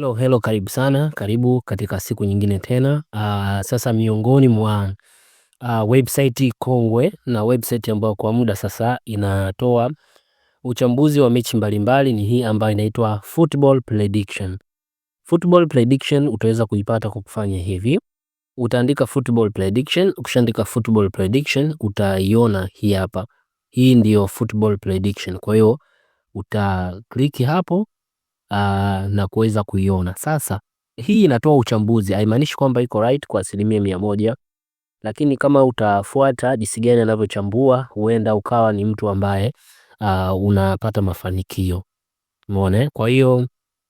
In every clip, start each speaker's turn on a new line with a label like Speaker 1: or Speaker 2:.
Speaker 1: Hello, hello, karibu sana, karibu katika siku nyingine tena. Uh, sasa miongoni mwa uh, website kongwe na website ambayo kwa muda sasa inatoa uchambuzi wa mechi mbalimbali ni hii ambayo inaitwa Football Prediction. Football Prediction utaweza kuipata kwa kufanya hivi. Utaandika Football Prediction, ukishaandika Football Prediction utaiona hii hapa. Hii ndiyo Football Prediction. Kwa hiyo uta click hapo uh, na kuweza kuiona. Sasa hii inatoa uchambuzi, haimaanishi kwamba iko right kwa asilimia mia moja, lakini kama utafuata jinsi gani anavyochambua, huenda ukawa ni mtu ambaye uh, unapata mafanikio. Umeona? Eh? Kwa hiyo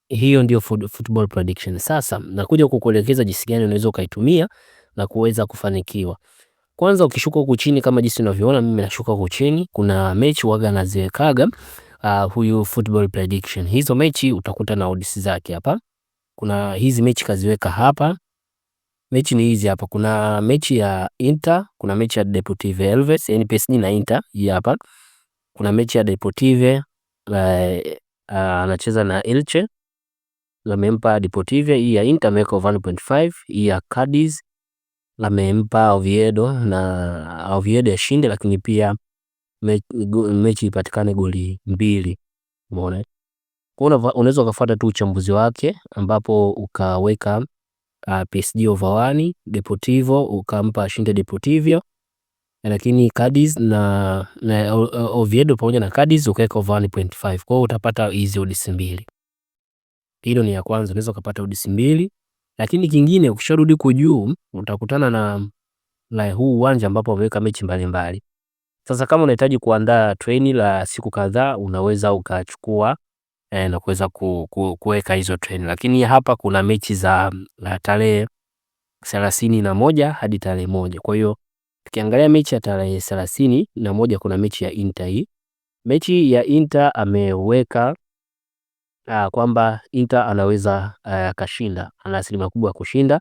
Speaker 1: hiyo ndio football prediction. Sasa nakuja kukuelekeza jinsi gani unaweza ukaitumia na kuweza kufanikiwa. Kwanza ukishuka huku chini, kama jinsi unavyoona mimi nashuka huku chini, kuna mechi waga naziwekaga uh, huyu football prediction. Hizo mechi utakuta na odds zake hapa. Kuna hizi mechi kaziweka hapa. Mechi ni hizi hapa. Kuna mechi ya Inter, kuna mechi ya Deportivo Elves, yani PSG na Inter hii hapa. Kuna mechi ya Deportivo uh, uh, anacheza na Elche. Lamempa Deportivo hii ya Inter ameweka 1.5, hii ya Cadiz lamempa Oviedo na Oviedo yashinde, lakini pia mechi ipatikane goli mbili umeona. Kwa hiyo unaweza ukafuata tu uchambuzi wake ambapo ukaweka uh, ah, PSG over 1, Deportivo ukampa ashinde Deportivo, lakini Cadiz na, na Oviedo pamoja na Cadiz ukaweka over 1.5. Kwa hiyo utapata hizi odds mbili. Hilo ni ya kwanza, unaweza ukapata odds mbili, lakini kingine ukisharudi kujuu utakutana na, na huu uwanja ambapo wameweka mechi mbalimbali sasa kama unahitaji kuandaa treni la siku kadhaa, unaweza ukachukua eh, na kuweza ku, ku, kuweka hizo treni, lakini hapa kuna mechi za eh, tarehe thelathini na moja hadi tarehe moja. Kwa hiyo tukiangalia mechi ya tarehe thelathini na moja kuna mechi ya Inter hii. Mechi ya Inter ameweka uh, kwamba Inter anaweza eh, akashinda, ana asilimia kubwa ya kushinda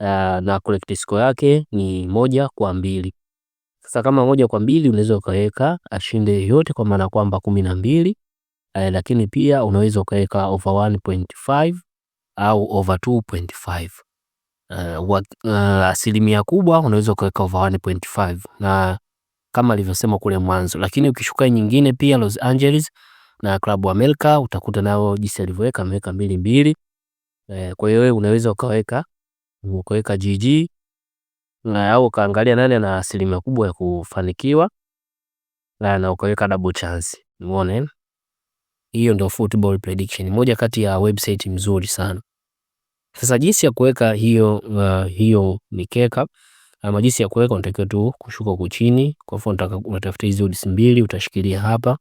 Speaker 1: uh, na collective score yake ni moja kwa mbili. Sasa kama moja kwa mbili unaweza ukaweka ashinde yote kwa maana kwamba kumi na mbili, eh, lakini pia unaweza ukaweka over 1.5 au over 2.5. uh, uh, Asilimia kubwa unaweza ukaweka over 1.5 na kama alivyosema kule mwanzo, lakini ukishuka nyingine pia Los Angeles na Club America utakuta nao jinsi alivyoweka ameweka mbili mbili. Eh, kwa hiyo unaweza ukaweka ukaweka GG na au ukaangalia nani ana asilimia kubwa ya kufanikiwa na na ukaweka double chance. Umeona, eh? hiyo ndio football prediction, moja kati ya website mzuri sana. Sasa jinsi ya kuweka hiyo uh, hiyo mikeka ama jinsi ya kuweka, unatakiwa tu kushuka huku chini. Kwa mfano, unataka unatafuta hizo odds mbili, utashikilia hapa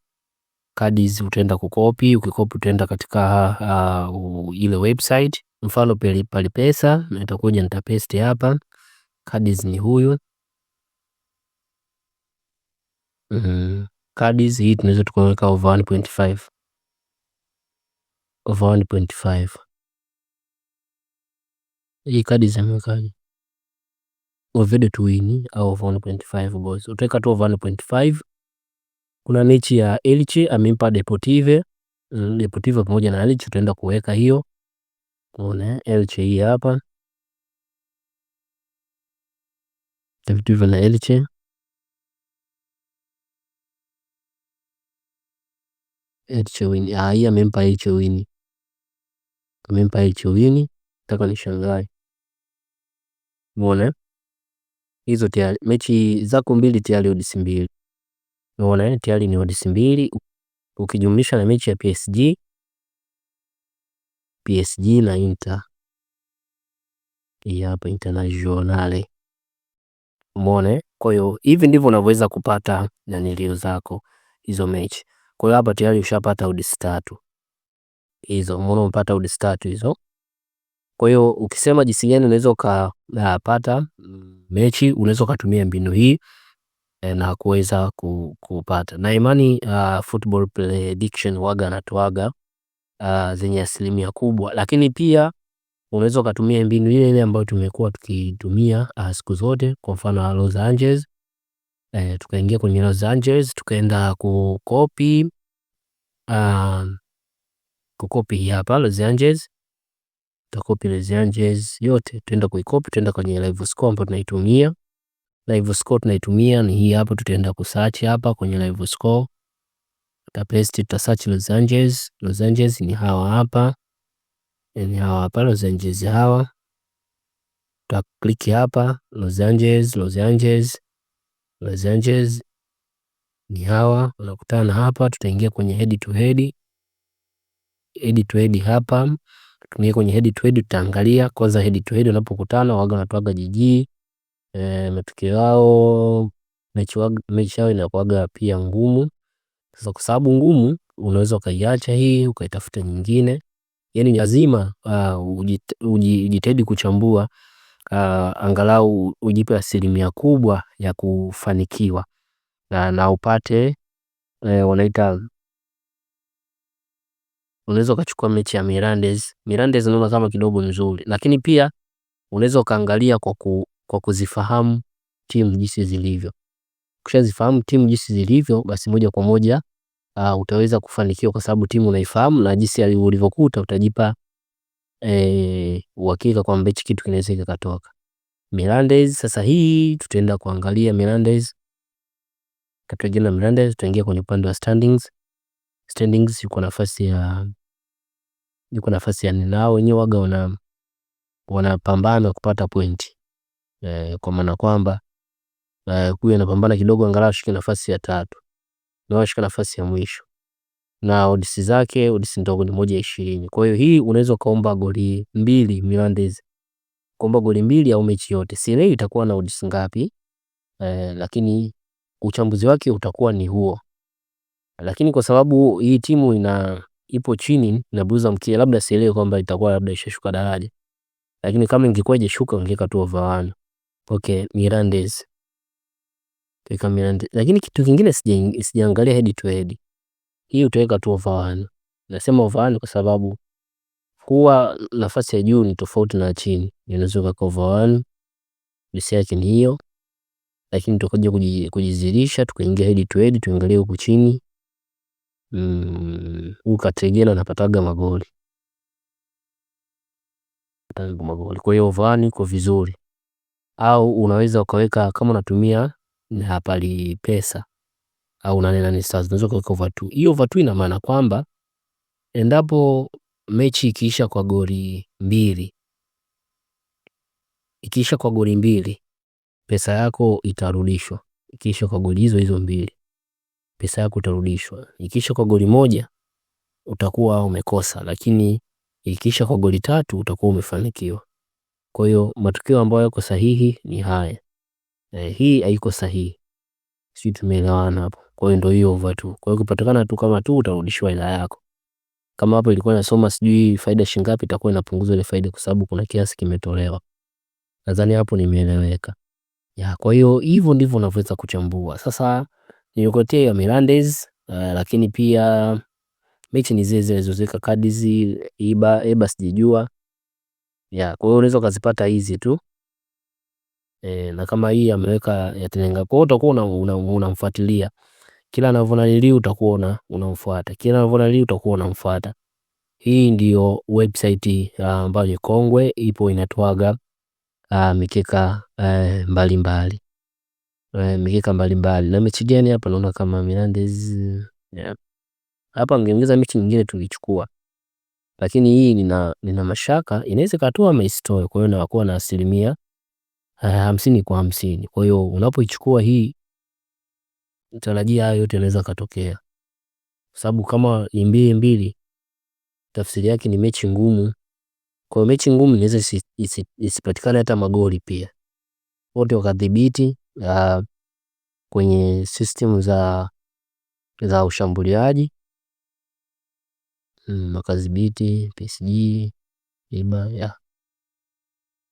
Speaker 1: kadi hizi, utaenda kukopi. Ukikopi utaenda katika uh, ile website, mfano pale Palipesa, nitakuja nitapaste hapa Cadiz ni huyu mm -hmm. Cadiz hii tunaweza tukaweka over 1.5 over 1.5 hii Cadiz amewekaje? Oviedo to win au over 1.5 boys, utaweka tu over 1.5. Kuna nichi ya Elche amempa Deportive Deportive pamoja na Elche, utaenda kuweka hiyo. Unaona Elche hii hapa Def juvel ilci. Irchiwini aya mimba irchiwini, mimba irchiwini mpaka nishangae mbona hizo tayari mechi zako mbili tayari odds mbili mbona tayari ni odds mbili ukijumlisha na mechi ya PSG PSG na Inter hii hapa Internazionale. Umeona? Kwa hiyo hivi ndivyo unavyoweza kupata nanilio zako hizo mechi. Kwa hiyo hapa tayari ushapata odds tatu hizo, umeona, umepata odds tatu hizo. Kwa hiyo ukisema jinsi gani unaweza ukapata uh, mm, mechi, unaweza ukatumia mbinu hii eh, na kuweza kupata na imani. Uh, Football Prediction waga anatoaga uh, zenye asilimia kubwa, lakini pia unaweza ukatumia mbinu ile ile ambayo tumekuwa tukitumia uh, siku zote, kwa mfano ah, Los Angeles e, tukaingia kwenye Los Angeles tukaenda kukopi um, kukopi hapa Los Angeles tukakopi Los Angeles yote, tuenda kuikopi, tuenda kwenye live score ambayo tunaitumia. Live score tunaitumia ni hii hapa, tutaenda kusearch hapa kwenye live score, tutapaste, search Los Angeles. Los Angeles ni hawa hapa yani hawa hapa Los Angeles hawa, ta click hapa Los Angeles, Los Angeles, Los Angeles ni hawa unakutana hapa, tutaingia kwenye head to head, head to head hapa tuingie kwenye head to head, tutaangalia kwanza head to head unapokutana waga wanatoaga jiji e, eh, matukio yao mechi mechi yao inakuwaga pia ngumu. Sasa kwa sababu ngumu, unaweza ukaiacha hii ukaitafuta nyingine. Yani ni lazima uh, ujit- ujitahidi kuchambua uh, angalau ujipe asilimia kubwa ya kufanikiwa na, na upate eh, wanaita unaweza ukachukua mechi ya Mirandes. Mirandes naona kama kidogo nzuri, lakini pia unaweza ukaangalia kwa, ku, kwa kuzifahamu timu jinsi zilivyo. Ukishazifahamu timu jinsi zilivyo, basi moja kwa moja uh, utaweza kufanikiwa kwa sababu timu unaifahamu na jinsi ulivyokuta utajipa eh, uhakika kwamba hichi kitu kinaweza kikatoka. Mirandes sasa hii tutaenda kuangalia Mirandes. Katika jina Mirandes tutaingia kwenye upande wa standings. Standings yuko nafasi ya yuko nafasi ya nao wenyewe waga wana wanapambana kupata pointi eh, kwa maana kwamba eh, huyu anapambana kidogo angalau shike nafasi ya tatu ndio anashika nafasi ya mwisho na odds zake odds ndogo ni moja ishirini. Kwa hiyo hii unaweza ukaomba goli mbili Mirandes, kaomba goli mbili au mechi yote, sielewi itakuwa na odds ngapi eh, lakini uchambuzi wake utakuwa ni huo. Lakini kwa sababu hii timu ina ipo chini na buza mkia, labda sielewi kwamba itakuwa labda ishashuka daraja, lakini kama ingekuwa ijashuka ungeka tu over 1 okay Mirandes. Lakini kitu kingine sijaangalia head to head. Hii utaweka tu over one. Nasema over one kwa sababu huwa nafasi ya juu ni tofauti na chini. Unaweza ukaweka over one, base yake ni hiyo. Lakini tutakuja kujizirisha tukaingia head to head tuangalie huku chini. Mm, Huyu Kategena anapataga magoli. magoli, Kwa hiyo over iko vizuri. Au unaweza ukaweka kama unatumia hapali pesa au nane ni stars unaweza kuweka overtwo. Hiyo vatu ina maana kwamba endapo mechi ikiisha kwa goli mbili, ikiisha kwa goli mbili pesa yako itarudishwa. Ikiisha kwa goli hizo hizo mbili pesa yako itarudishwa. Ikiisha kwa goli moja utakuwa umekosa, lakini ikiisha kwa goli tatu utakuwa umefanikiwa. Kwa hiyo matokeo ambayo yako sahihi ni haya eh, hii haiko sahihi. Sijui tumeelewana hapo. Kwa hiyo ndio hiyo over tu. Kwa hiyo kupatikana tu kama tu utarudishwa hela yako. Kama hapo ilikuwa inasoma sijui faida shilingi ngapi, itakuwa inapunguzwa ile faida kwa sababu kuna kiasi kimetolewa. Nadhani hapo nimeeleweka. Ya, kwa hiyo hivyo ndivyo unavyoweza kuchambua. Sasa nilikuletea ya Mirandes uh, eh, lakini pia mechi ni zile zile zilizoweka kadi hizi iba eba sijijua. Ya, kwa hiyo unaweza ukazipata hizi tu. E, na kama hii ameweka ya Tenenga kwa utakuwa unamfuatilia kila anavyonanili utakuwa unamfuata kila anavyonanili utakuwa unamfuata. Hii ndio website ah, ambayo ni kongwe ipo inatoaga ah, mikeka eh, mbalimbali mbali. uh, eh, mikeka mbalimbali na mechi gani hapa naona kama Mirandes yeah. hapa ngeongeza mechi nyingine tulichukua, lakini hii nina nina mashaka inaweza ikatoa ama kwa hiyo nakuwa na asilimia Eh, hamsini kwa hamsini. Kwa hiyo unapoichukua hii tarajia hayo yote yanaweza katokea, sababu kama ni mbili mbili, tafsiri yake ni mechi ngumu. Kwa hiyo mechi ngumu inaweza isipatikane hata magoli pia, wote wakadhibiti uh, kwenye system za, za ushambuliaji hmm, wakadhibiti PSG iba ya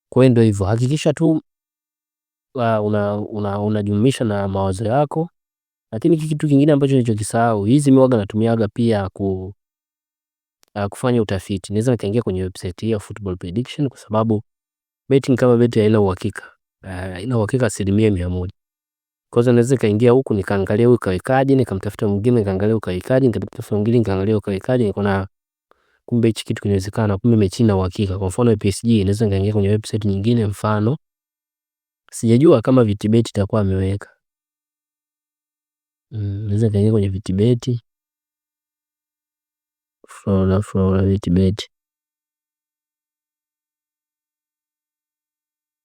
Speaker 1: kwa hivyo, hakikisha tu unajumlisha na mawazo yako. Lakini kitu kingine ambacho nilichokisahau, hizi miwaga natumiaga pia ku uh, kufanya utafiti. Naweza nikaingia kwenye website ya football prediction kwa sababu betting kama betting haina uhakika. Haina uhakika asilimia mia moja. Kwa hiyo naweza kaingia huku nikaangalia huyu kawekaje, nikamtafuta mwingine nikaangalia huyu kawekaje, nikatafuta mwingine nikaangalia huyu kawekaje, kuna kumbe hichi kitu kinawezekana, kumbe mechi na uhakika. Kwa mfano PSG, naweza nikaingia kwenye website nyingine mfano Sijajua kama vitibeti itakuwa ameweka, mm, naweza kaingia kwenye vitibeti Flora, Flora, vitibeti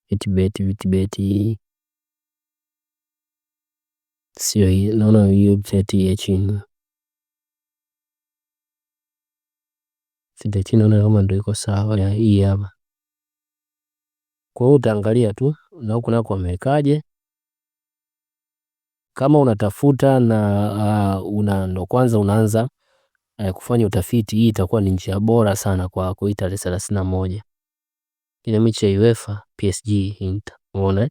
Speaker 1: vitibeti vitibeti, sio naona hiyo website ya China. Sitachina naona kama ndo iko sawa, hii hapa kwa hiyo utaangalia tu na huku nako wamewekaje. Kama unatafuta na uh, una ndo kwanza unaanza uh, kufanya utafiti, hii itakuwa ni njia bora sana kwako hii tarehe thelathini na moja ile mechi ya UEFA PSG Inter, umeona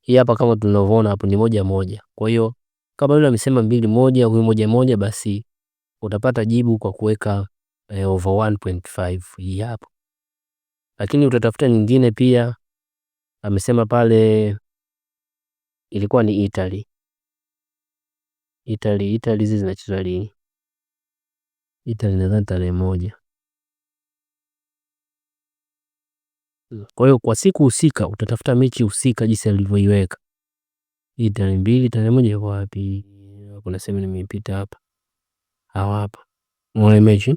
Speaker 1: hii hapa kama tunavyoona hapo ni moja moja. Kwa hiyo kama yule amesema mbili moja huyu moja moja, basi utapata jibu kwa kuweka uh, over 1.5 hii hapo, lakini utatafuta nyingine pia amesema pale ilikuwa ni Italy Italy Italy hizi zinachezwa lini? Italy nadhani tarehe moja. Kwa hiyo kwa siku husika utatafuta mechi husika jinsi alivyoiweka hii tarehe mbili, tarehe moja iko wapi? Kuna sehemu nimepita hapa hawapa mwana mechi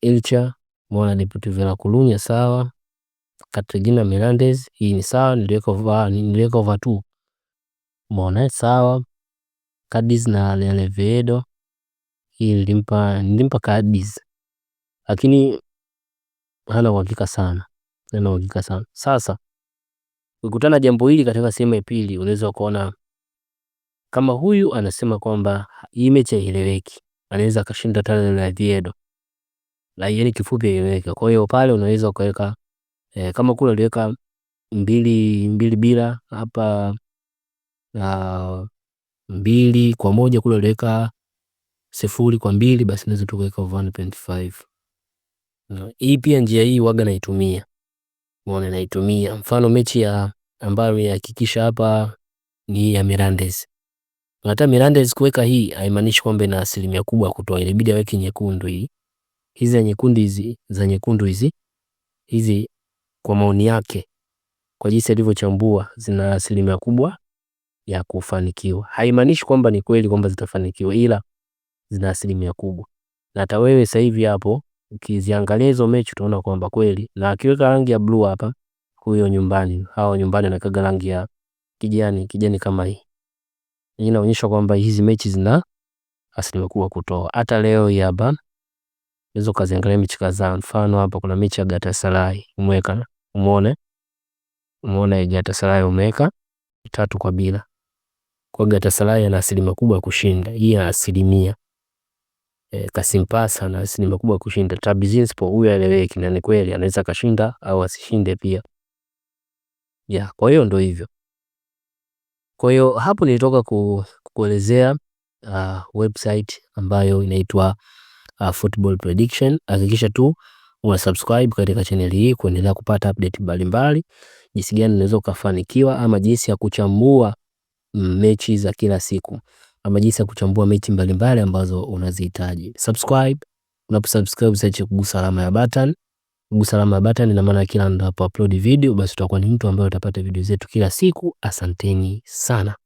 Speaker 1: Ilcha mwana ni Putu Vila Kulunya sawa, Katrina Mirandes hii ni sawa niliweka over niliweka over 2 umeona, sawa Cadiz na Levedo hii nilimpa nilimpa Cadiz lakini hana uhakika sana hana uhakika sana. Sasa ukikutana jambo hili katika sehemu ya pili unaweza kuona kama huyu anasema kwamba hii mechi haieleweki anaweza akashinda tena na Oviedo na yaani kifupi haieleweki kwa hiyo pale unaweza ukaweka E, kama kule aliweka mbili mbili bila hapa uh, mbili kwa moja kule aliweka sifuri kwa mbili basi naweza tu kuweka 1.5. No, hii pia njia hii waga naitumia. Unaona naitumia. Mfano mechi ya ambayo nimehakikisha hapa ni ya Mirandes. Hata Mirandes kuweka hii haimaanishi kwamba ina asilimia kubwa ya kutoa, inabidi aweke nyekundu hii. Hizi za nyekundu hizi za nyekundu hizi hizi kwa maoni yake, kwa jinsi alivyochambua, zina asilimia kubwa ya kufanikiwa. Haimaanishi kwamba ni kweli kwamba zitafanikiwa, ila zina asilimia kubwa. Na hata wewe sasa hivi hapo ukiziangalia hizo mechi utaona kwamba kweli, na akiweka rangi ya blue hapa, huyo nyumbani hao nyumbani anakaga rangi ya kijani kijani kama hii. Hii inaonyesha kwamba hizi mechi zina asilimia kubwa kutoa. Hata leo hapa unaweza ukaziangalia mechi kadhaa. Mfano hapa kuna mechi ya Galatasaray umeweka, umeona umeona Galatasaray umeweka tatu kwa bila kwa Galatasaray ana asilimia kubwa ya kushinda, hii ya asilimia e, eh, Kasimpasa ana asilimia kubwa ya kushinda. Trabzonspor huyu aeleweki, na ni kweli anaweza kashinda au asishinde pia ya, kwa hiyo ndo hivyo. Kwa hiyo hapo nilitoka ku, kuelezea uh, ah, website ambayo inaitwa uh, football prediction. Hakikisha tu una subscribe katika channel hii kuendelea kupata update mbalimbali, jinsi gani unaweza kufanikiwa ama jinsi ya kuchambua mm, mechi za kila siku ama jinsi ya kuchambua mechi mbalimbali ambazo unazihitaji. Subscribe, unaposubscribe usiache kugusa alama ya button. Kugusa alama ya button ina maana kila ninapo upload video, basi utakuwa ni mtu ambaye utapata video zetu kila siku. Asanteni sana.